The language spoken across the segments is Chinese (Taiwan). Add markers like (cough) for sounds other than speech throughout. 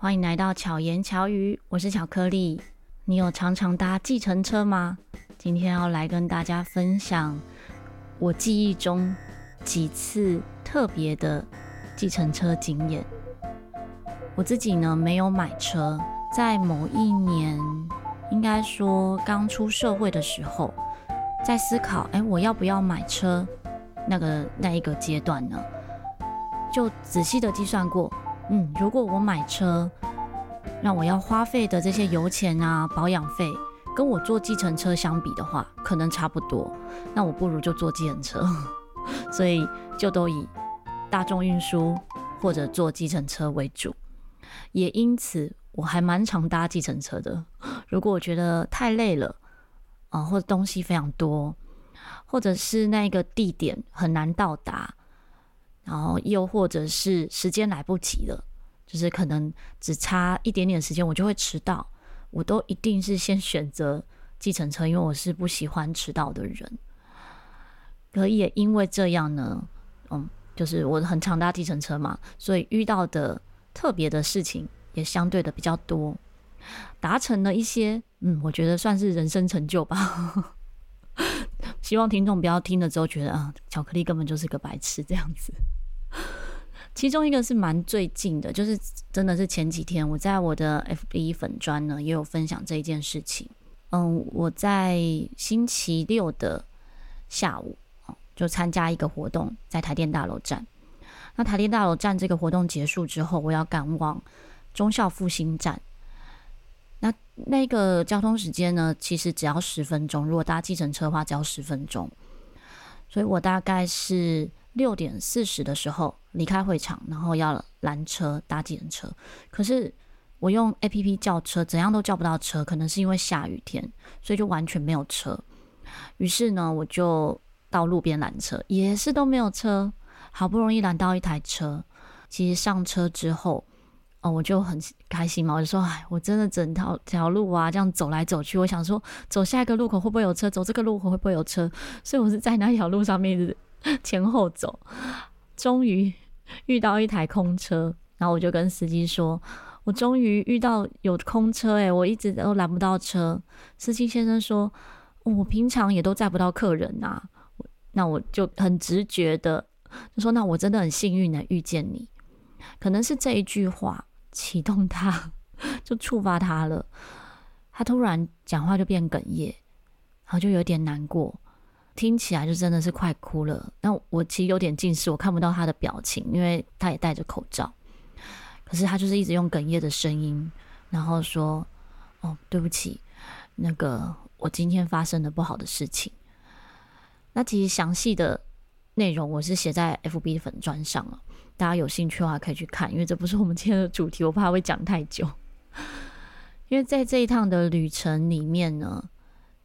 歡迎來到巧言巧語，我是巧克力。你有常常搭計程車嗎？今天要來跟大家分享我記憶中幾次特別的計程車經驗。我自己呢，沒有買車，在某一年，應該說剛出社會的時候，在思考，誒，我要不要買車？那個那一個階段呢，就仔細的計算過。嗯，如果我買車，那我要花費的這些油錢啊、保養費，跟我坐計程車相比的話，可能差不多。那我不如就坐計程車， (laughs) 所以就都以大眾運輸或者坐計程車為主。也因此，我還蠻常搭計程車的。如果我覺得太累了啊、呃，或者東西非常多，或者是那個地點很難到達。然後又或者是時間來不及了，就是可能只差一點點時間，我就會遲到。我都一定是先選擇計程車，因為我是不喜歡遲到的人。可也因為這樣呢，嗯，就是我很常搭計程車嘛，所以遇到的特別的事情也相對的比較多，達成了一些嗯，我覺得算是人生成就吧。 (laughs) 希望聽眾不要聽了之後覺得啊，巧克力根本就是個白痴這樣子。其中一個是蠻最近的，就是真的是前幾天我在我的 FB 粉專呢，也有分享這一件事情。嗯，我在星期六的下午就參加一個活動，在台電大樓站。那台電大樓站這個活動結束之後，我要趕往忠孝復興站。那那個交通時間呢，其實只要十分鐘。如果搭計程車的話，只要十分鐘。所以我大概是，六點四十的時候離開會場，然後要攔車搭計程車，可是我用 APP 叫車，怎樣都叫不到車，可能是因為下雨天，所以就完全沒有車。於是呢，我就到路邊攔車，也是都沒有車。好不容易攔到一台車，其實上車之後，哦，我就很開心嘛，我就說，哎，我真的整條條路啊，這樣走來走去，我想說，走下一個路口會不會有車？走這個路口會不會有車？所以我是在那條路上面前後走，終於遇到一台空車，然後我就跟司機說：“我終於遇到有空車誒，我一直都攔不到車。”司機先生說：“我平常也都載不到客人吶。”那我就很直覺的就說：“那我真的很幸運能遇見你。”可能是這一句話啟動他，就觸發他了，他突然講話就變哽咽，然後就有點難過。聽起來就真的是快哭了。那我其實有點近視，我看不到他的表情，因為他也戴着口罩。可是他就是一直用哽咽的聲音，然後說：“哦，對不起，那個我今天發生了不好的事情。”那其實詳細的內容我是寫在 FB 粉專上了，大家有興趣的話可以去看，因為這不是我們今天的主題，我怕會講太久。因為在這一趟的旅程裡面呢。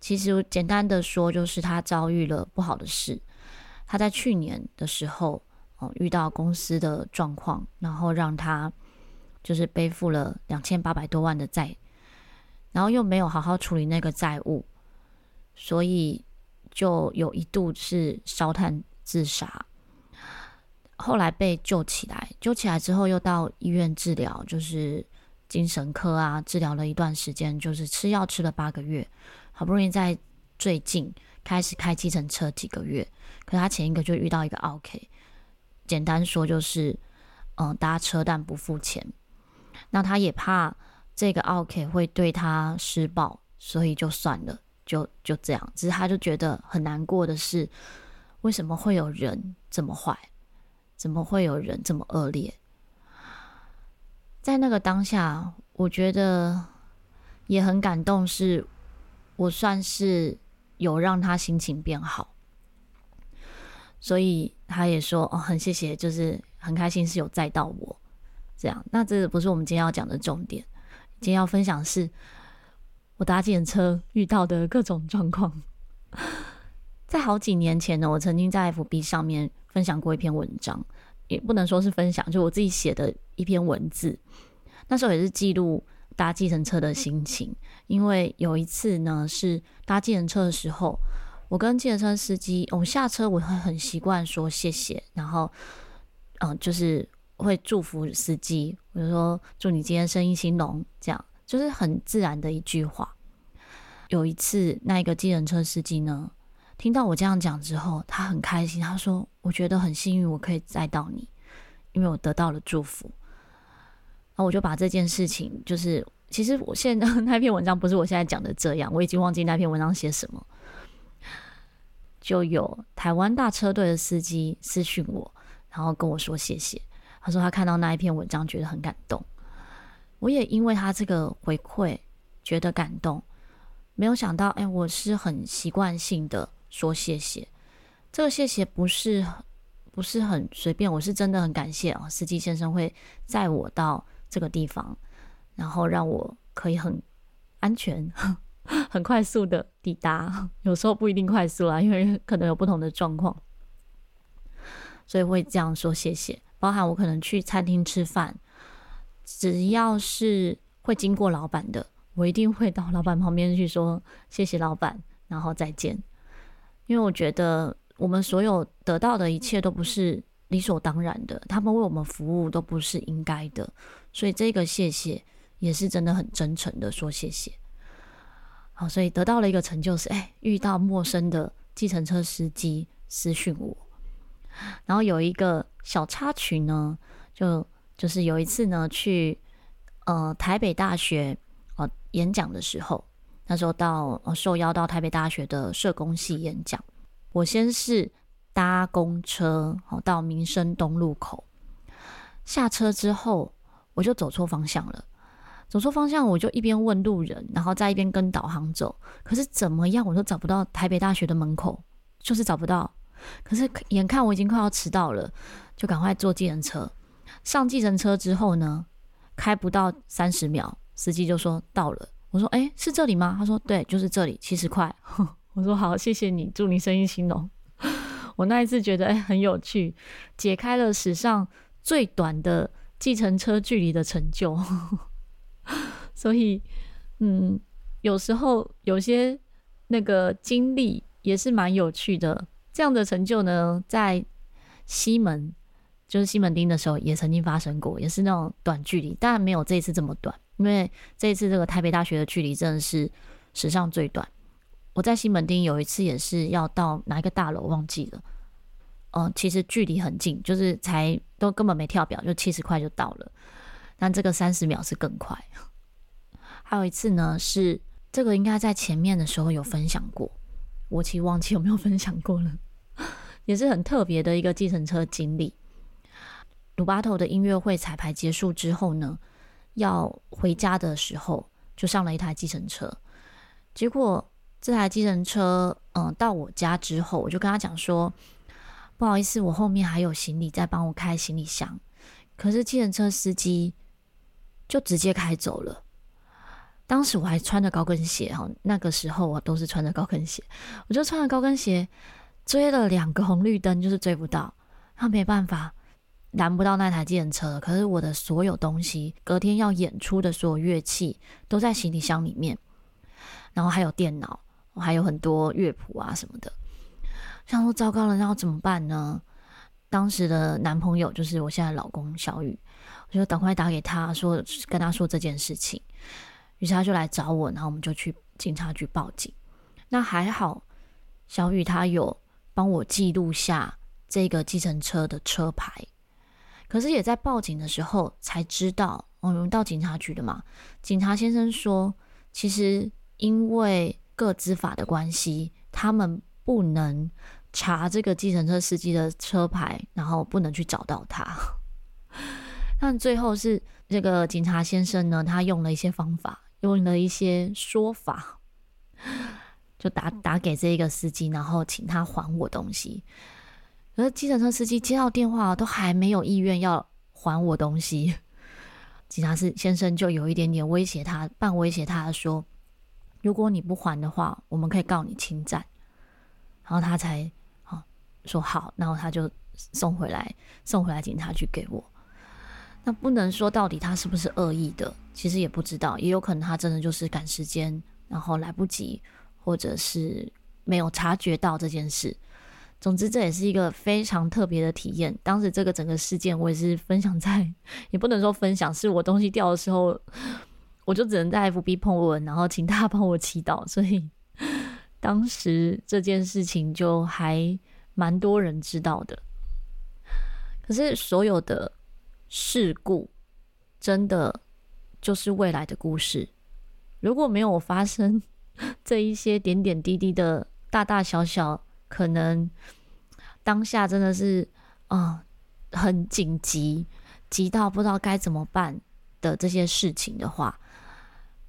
其實簡單的說，就是他遭遇了不好的事。他在去年的時候，哦，遇到公司的狀況，然後讓他就是背負了兩千八百多萬的債，然後又沒有好好處理那個債務，所以就有一度是燒炭自殺。後來被救起來，救起來之後又到醫院治療，就是精神科啊，治療了一段時間，就是吃藥吃了八個月。好不容易在最近開始開計程車幾個月，可他前一個就遇到一個奧客，簡單說就是嗯、呃、搭車但不付錢。那他也怕這個奧客會對他施暴，所以就算了，就就這樣。只是他就覺得很難過的是，為什麼會有人這麼壞？怎麼會有人這麼惡劣？在那個當下，我覺得也很感動，是。我算是有讓他心情變好，所以他也說哦，很謝謝，就是很開心是有載到我，這樣。那這個不是我們今天要講的重點，今天要分享的是我搭計程車遇到的各種狀況。在好幾年前呢，我曾經在 FB 上面分享過一篇文章，也不能說是分享，就我自己寫的一篇文字。那時候也是記錄。搭計程車的心情，因為有一次呢，是搭計程車的時候，我跟計程車司機，我、哦、下車我會很習慣說謝謝，然後，嗯，就是會祝福司機，比如說祝你今天生意興隆，這樣就是很自然的一句話。有一次，那一個計程車司機呢，聽到我這樣講之後，他很開心，他說我覺得很幸運我可以載到你，因為我得到了祝福。然後我就把這件事情，就是其實我現在那篇文章不是我現在講的這樣，我已經忘記那篇文章寫什麼。就有台灣大車隊的司機私訊我，然後跟我說謝謝，他說他看到那一篇文章覺得很感動，我也因為他這個回饋覺得感動。沒有想到，哎，我是很習慣性的說謝謝，這個謝謝不是不是很隨便，我是真的很感謝啊，司機先生會載我到。這個地方，然後讓我可以很安全、很快速的抵達。有時候不一定快速啊，因為可能有不同的狀況，所以會這樣說謝謝。包含我可能去餐廳吃飯，只要是會經過老闆的，我一定會到老闆旁邊去說謝謝老闆，然後再見。因為我覺得我們所有得到的一切都不是。理所當然的，他們為我們服務都不是應該的，所以這個謝謝也是真的很真誠的說謝謝。好，所以得到了一個成就是，哎，遇到陌生的計程車司機私訊我，然後有一個小插曲呢，就就是有一次呢去呃台北大學呃演講的時候，那時候到受邀到台北大學的社工系演講，我先是。搭公車好到民生東路口下車之後，我就走錯方向了。走錯方向，我就一邊問路人，然後在一邊跟導航走。可是怎麼樣，我都找不到台北大學的門口，就是找不到。可是眼看我已經快要遲到了，就趕快坐計程車。上計程車之後呢，開不到三十秒，司機就說到了。我說：“誒、欸，是這裡嗎？”他說：“對，就是這裡，七十塊。 (laughs) ”我說：“好，謝謝你，祝你生意興隆、哦。”我那一次覺得哎，很有趣，解開了史上最短的計程車距離的成就， (laughs) 所以嗯，有時候有些那個經歷也是蠻有趣的。這樣的成就呢，在西門就是西門町的時候也曾經發生過，也是那種短距離，但沒有這一次這麼短，因為這一次這個台北大學的距離真的是史上最短。我在西門町有一次也是要到哪一個大樓忘記了，嗯，其實距離很近，就是才都根本沒跳表，就七十塊就到了。但這個三十秒是更快。還有一次呢，是這個應該在前面的時候有分享過，我其實忘記有沒有分享過了，也是很特別的一個計程車經歷。魯巴頭的音樂會彩排結束之後呢，要回家的時候就上了一台計程車，結果。這台計程車，嗯、呃，到我家之後，我就跟他講說：“不好意思，我後面還有行李，在幫我開行李箱。”可是計程車司機就直接開走了。當時我還穿着高跟鞋哈，那個時候我都是穿着高跟鞋，我就穿着高跟鞋追了兩個紅綠燈，就是追不到。他沒辦法，攔不到那台計程車。可是我的所有東西，隔天要演出的所有樂器都在行李箱裡面，然後還有電腦。我還有很多樂譜啊什麼的，想說糟糕了，那要怎麼辦呢？當時的男朋友就是我現在的老公小雨，我就趕快打給他說，跟他說這件事情。於是他就來找我，然後我們就去警察局報警。那還好，小雨他有幫我記錄下這個計程車的車牌，可是也在報警的時候才知道，哦，我們到警察局了嘛。警察先生說，其實因為。個資法的關係，他們不能查這個計程車司機的車牌，然後不能去找到他。但最後是這個警察先生呢，他用了一些方法，用了一些說法，就打打給這個司機，然後請他還我東西。而計程車司機接到電話都還沒有意願要還我東西，警察是先生就有一點點威脅他，半威脅他的說。如果你不還的話，我們可以告你侵占。然後他才說好，然後他就送回來，送回來警察局給我。那不能說到底他是不是惡意的，其實也不知道，也有可能他真的就是趕時間，然後來不及，或者是沒有察覺到這件事。總之這也是一個非常特別的體驗。當時這個整個事件我也是分享在，也不能說分享，是我東西掉的時候。我就只能在 FB PO 文，然後請大家幫我祈禱。所以當時這件事情就還蠻多人知道的。可是所有的事故，真的就是未來的故事。如果沒有發生這一些點點滴滴的大大小小，可能當下真的是啊、呃、很緊急，急到不知道該怎麼辦的這些事情的話。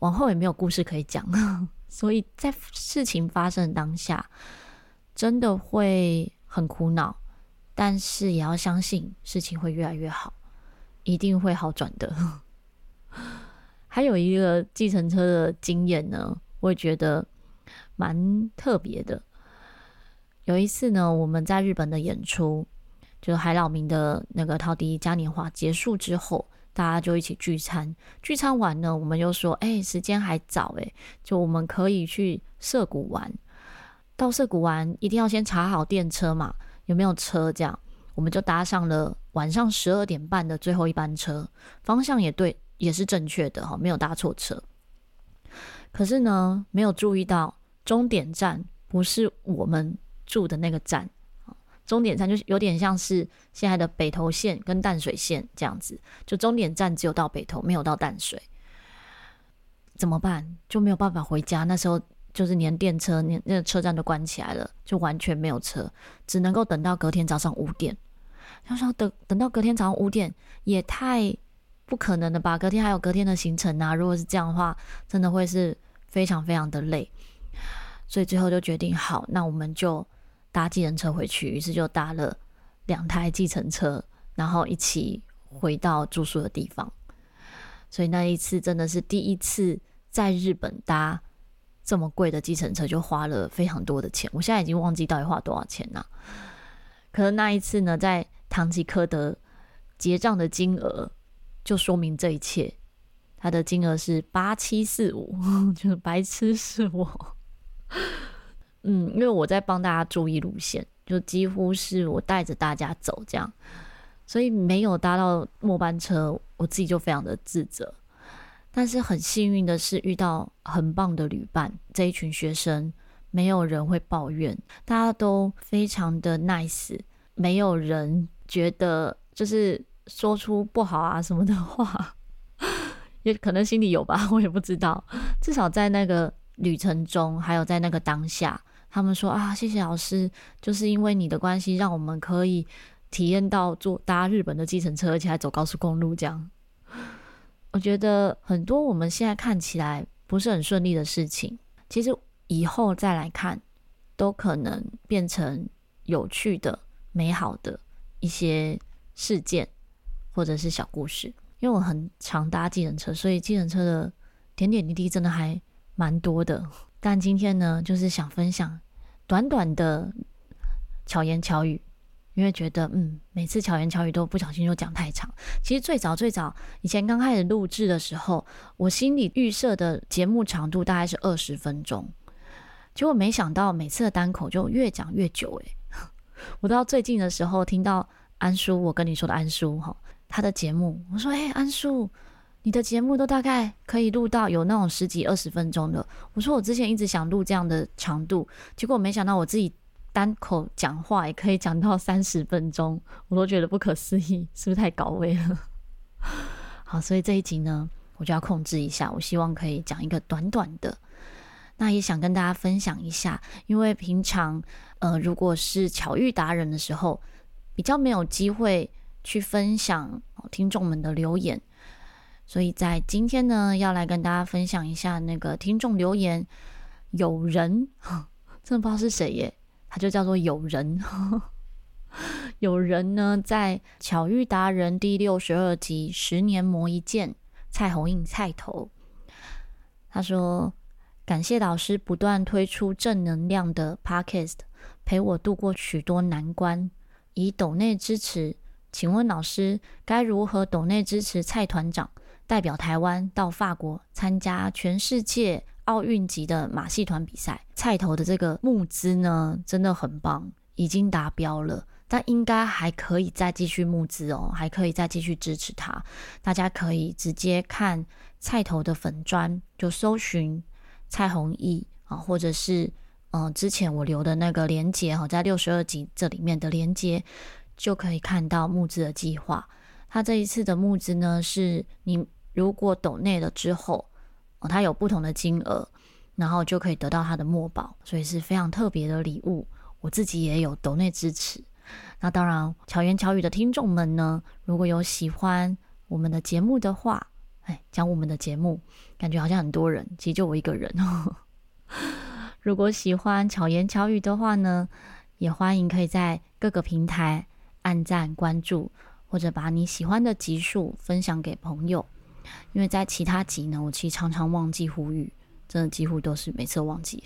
往後也沒有故事可以講，所以在事情發生的當下，真的會很苦惱，但是也要相信事情會越來越好，一定會好轉的。還有一個計程車的經驗呢，我也覺得蠻特別的。有一次呢，我們在日本的演出，就是海老名的那個陶笛嘉年華結束之後。大家就一起聚餐，聚餐完呢，我們就說：“哎，欸，時間還早，欸，哎，就我們可以去澀谷玩。”到澀谷玩，一定要先查好電車嘛，有沒有車這樣？我們就搭上了晚上十二點半的最後一班車，方向也對，也是正確的，喔，沒有搭錯車。可是呢，沒有注意到終點站不是我們住的那個站。終點站就有點像是現在的北投線跟淡水線這樣子，就終點站只有到北投，沒有到淡水，怎麼辦？就沒有辦法回家。那時候就是連電車、連那個車站都關起來了，就完全沒有車，只能夠等到隔天早上五點。他說：“等等到隔天早上五點，也太不可能了吧？隔天還有隔天的行程啊！如果是這樣的話，真的會是非常非常的累。”所以最後就決定，好，那我們就。搭計程車回去，於是就搭了兩台計程車，然後一起回到住宿的地方。所以那一次真的是第一次在日本搭這麼貴的計程車，就花了非常多的錢。我現在已經忘記到底花多少錢了啊。可能那一次呢，在唐吉訶德結賬的金額就說明這一切，他的金額是八七四五，就是白痴是我。 (laughs) 嗯，因為我在幫大家注意路線，就幾乎是我帶着大家走這樣，所以沒有搭到末班車，我自己就非常的自責。但是很幸運的是，遇到很棒的旅伴，這一群學生沒有人會抱怨，大家都非常的 nice，沒有人覺得就是說出不好啊什麼的話，也可能心裡有吧，我也不知道。至少在那個旅程中，還有在那個當下。他們說啊，謝謝老師，就是因為你的關係，讓我們可以體驗到坐搭日本的計程車，而且還走高速公路。這樣，我覺得很多我們現在看起來不是很順利的事情，其實以後再來看，都可能變成有趣的、美好的一些事件或者是小故事。因為我很常搭計程車，所以計程車的點點滴滴真的還蠻多的。但今天呢，就是想分享短短的巧言巧語，因為覺得嗯，每次巧言巧語都不小心就講太長。其實最早最早以前剛開始錄製的時候，我心裡預設的節目長度大概是二十分鐘，結果沒想到每次的單口就越講越久、欸。誒，我到最近的時候聽到安叔，我跟你說的安叔哈，他的節目，我說誒，安叔。你的節目都大概可以錄到有那種十幾二十分鐘的。我說我之前一直想錄這樣的長度，結果沒想到我自己單口講話也可以講到三十分鐘，我都覺得不可思議，是不是太高危了？好，所以這一集呢，我就要控制一下，我希望可以講一個短短的。那也想跟大家分享一下，因為平常呃，如果是巧遇達人的時候，比較沒有機會去分享聽眾們的留言。所以在今天呢，要來跟大家分享一下那個聽眾留言，友人呵，真的不知道是誰耶，他就叫做友人呵呵。有人呢，在巧遇達人第六十二集《十年磨一劍》，蔡紅印菜頭，他說：“感謝老師不斷推出正能量的 podcast，陪我度過許多難關，以抖內支持，請問老師該如何抖內支持蔡團長？”代表台灣到法國參加全世界奧運級的馬戲團比賽，菜頭的這個募資呢，真的很棒，已經達標了，但應該還可以再繼續募資哦，還可以再繼續支持他。大家可以直接看菜頭的粉專，就搜尋蔡弘毅啊，或者是嗯、呃、之前我留的那個鏈接，在六十二集這裡面的鏈接，就可以看到募資的計劃。他這一次的募資呢是你。如果抖內了之後，哦，他有不同的金額，然後就可以得到他的墨寶，所以是非常特別的禮物。我自己也有抖內支持。那當然，巧言巧語的聽眾們呢，如果有喜歡我們的節目的話，哎，講我們的節目，感覺好像很多人，其實就我一個人哦。 (laughs) 如果喜歡巧言巧語的話呢，也歡迎可以在各個平台按讚、關注，或者把你喜歡的集數分享給朋友。因為在其他集呢，我其實常常忘記呼籲，真的幾乎都是每次忘記，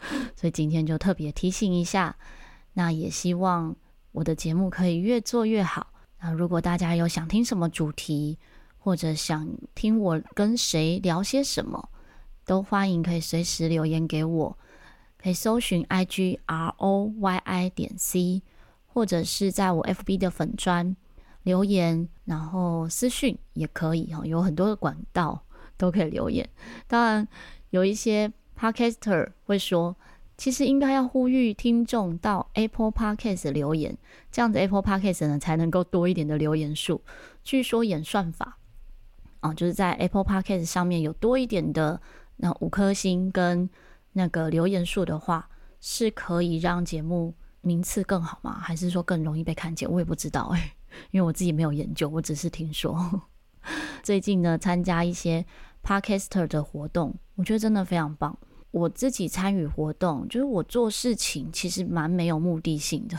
(laughs) 所以今天就特別提醒一下。那也希望我的節目可以越做越好。那如果大家有想聽什麼主題，或者想聽我跟誰聊些什麼，都歡迎可以隨時留言給我，可以搜尋 I G R O Y I 點 C，或者是在我 FB 的粉專。留言，然後私訊也可以哈，有很多的管道都可以留言。當然，有一些 podcaster 會說，其實應該要呼籲聽眾到 Apple Podcast 留言，這樣子 Apple Podcast 呢才能夠多一點的留言數。據說演算法啊，就是在 Apple Podcast 上面有多一點的那五顆星跟那個留言數的話，是可以讓節目名次更好嗎？還是說更容易被看見？我也不知道欸。因為我自己沒有研究，我只是聽說。最近呢，參加一些 podcaster 的活動，我覺得真的非常棒。我自己參與活動，就是我做事情其實蠻沒有目的性的，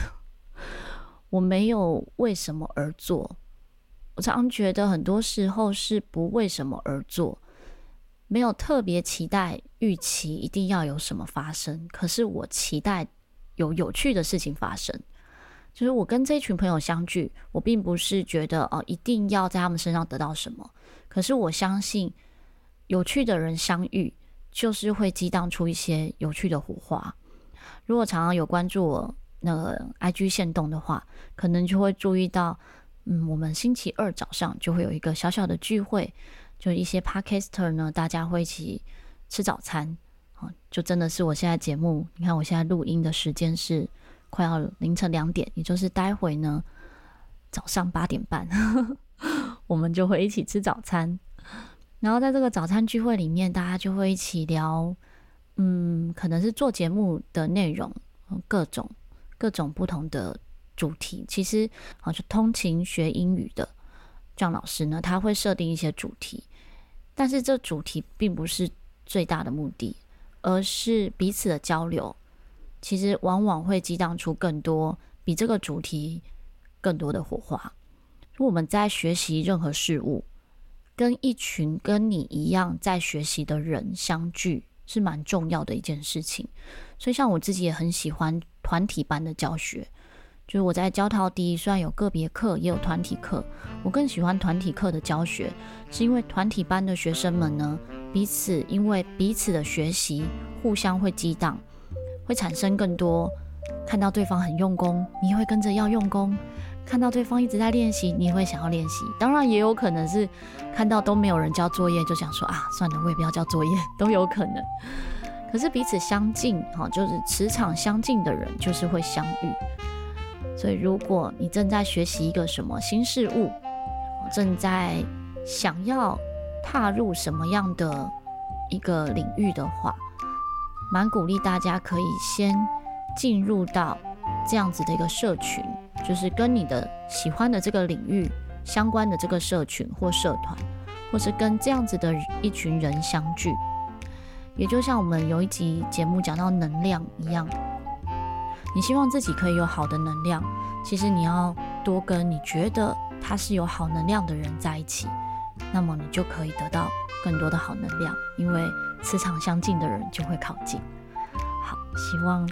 我沒有為什麼而做。我常常覺得很多時候是不為什麼而做，沒有特別期待、預期一定要有什麼發生。可是我期待有有趣的事情發生。就是我跟這群朋友相聚，我並不是覺得哦、呃、一定要在他們身上得到什麼，可是我相信有趣的人相遇就是會激盪出一些有趣的火花。如果常常有關注我那個 IG 限動的話，可能就會注意到，嗯，我們星期二早上就會有一個小小的聚會，就一些 Podcaster 呢，大家會一起吃早餐啊、呃，就真的是我現在節目，你看我現在錄音的時間是。快要凌晨兩點，也就是待會呢，早上八點半， (laughs) 我們就會一起吃早餐。然後在這個早餐聚會裡面，大家就會一起聊，嗯，可能是做節目的內容，各種各種不同的主題。其實啊，就通勤學英語的張老師呢，他會設定一些主題，但是這主題並不是最大的目的，而是彼此的交流。其實往往會激盪出更多比這個主題更多的火花。如果我們在學習任何事物，跟一群跟你一樣在學習的人相聚，是蠻重要的一件事情。所以，像我自己也很喜歡團體班的教學，就是我在教陶笛。雖然有個別課也有團體課，我更喜歡團體課的教學，是因為團體班的學生們呢，彼此因為彼此的學習，互相會激盪。會產生更多，看到對方很用功，你也會跟着要用功；看到對方一直在練習，你也會想要練習。當然，也有可能是看到都沒有人交作業，就想說啊，算了，我也不要交作業，都有可能。可是彼此相近，哈，就是磁場相近的人就是會相遇。所以，如果你正在學習一個什麼新事物，正在想要踏入什麼樣的一個領域的話，蠻鼓勵大家可以先進入到這樣子的一個社群，就是跟你的喜歡的這個領域相關的這個社群或社團，或是跟這樣子的一群人相聚。也就像我們有一集節目講到能量一樣，你希望自己可以有好的能量，其實你要多跟你覺得他是有好能量的人在一起，那麼你就可以得到更多的好能量，因為磁場相近的人就會靠近。好，希望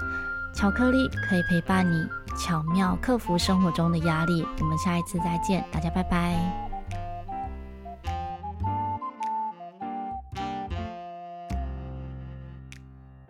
巧克力可以陪伴你，巧妙克服生活中的壓力。我們下一次再見，大家拜拜。